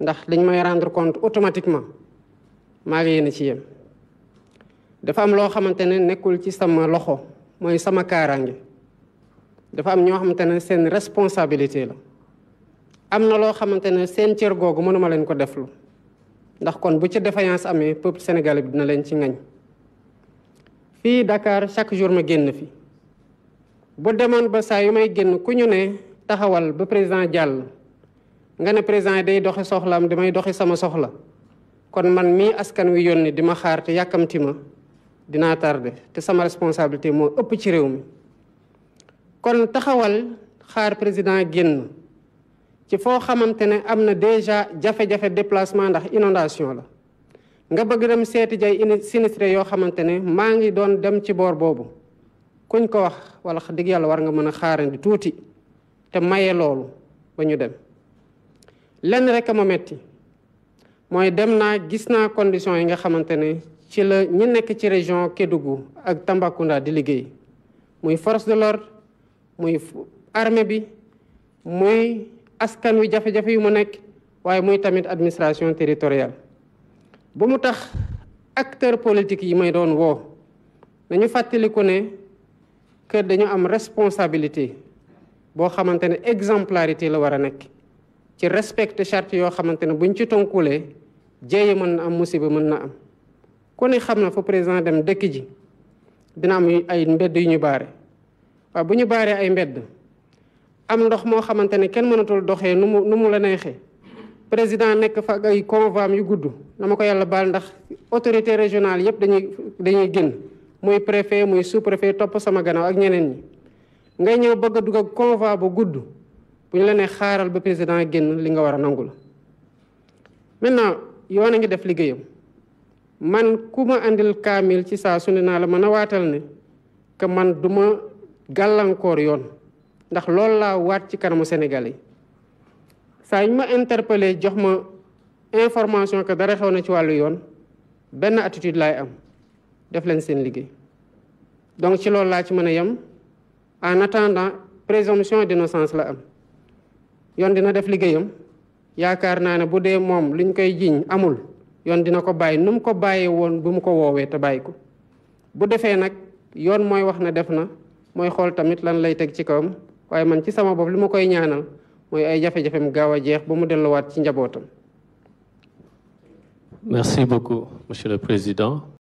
ndax dañ may rendre compte automatiquement ma ngi yéen ci yem dafa am loo xamante ne nekkul ci sama loxo mooy sama kaaraange dafa am ñoo xamante ne seen responsabilité la am na loo xamante ne seen cër googu mënuma leen ko deflu ndax kon bu ci défaillance amee peuple sénégalais dina leen ci ngañ fii Dakar chaque jour ma génn fi bu demoon ba saa yu may génn ku ñu ne taxawal ba président jàll nga ne président day doxi soxlaam damay doxi sama soxla kon man mii askan wi yónni di ma xaar te yàkkamti ma dinaa tardé te sama responsabilité moo ëpp ci réew mi kon taxawal xaar président génn ci foo xamante ne am na déjà jafe-jafe déplacement ndax inondation la nga bëgg dem seeti jay sinistré yoo xamante ne maa ngi doon dem ci boor boobu kuñ ko wax wala digg yàlla war nga mën a xaarandi tuuti te maye loolu ba ñu dem lenn rek a ma metti mooy dem naa gis naa condition yi nga xamante ne ci la ñi nekk ci région Kédougou ak Tambacounda di liggéey muy force de l'ordre muy armée bi muy askan wi jafe-jafe yu mu nekk waaye muy tamit administration territoriale ba mu tax acteur politique yi may doon woo nañu fàttaliku ne kër dañu am responsabilité boo xamante ne exemplarité la war a nekk ci respecte charte yoo xamante ne bu ñu ci tonkulee jéeye mën na am musiba mën na am ku ni xam na fu président dem dëkk ji dina am ay mbedd yu ñu baare waaw bu ñu baaree ay mbedd am ndox moo xamante ne kenn mënatul doxee nu mu nu mu la neexee président nekk fa ay convoi yu gudd na ma ko yàlla baal ndax autorité régionale yëpp dañuy dañuy génn muy préfet muy sous préfet topp sama ganaaw ak ñeneen ñi ngay ñëw bëgg a dugg ak convoi bu gudd bu ñu la ne xaaral ba président génn li nga war a nangul maintenant yoon def liggéeyam man kuma andil kaamil ci saa su ne naa la mën a waatal ne que man du ma gàllankoor yoon ndax loolu laa waat ci kanamu sénégal yi saa ñu ma interpellé jox ma information que dara xew na ci wàllu yoon benn attitude laay am def leen seen liggéey donc ci loolu laa ci mën a en attendant présomption d'innocence la am yoon dina def liggéeyam yaakaar naa ne bu dee moom luñ koy jiiñ amul yoon dina ko bàyyi nu mu ko bàyyee woon bu mu ko woowee te bàyyi ko bu defee nag yoon mooy wax ne def na mooy xool tamit lan lay teg ci kawam waaye man ci sama bopp li ma koy ñaanal mooy ay jafe-jafem gaaw a jeex ba mu delluwaat ci njabootam. Merci beaucoup, Monsieur le Président.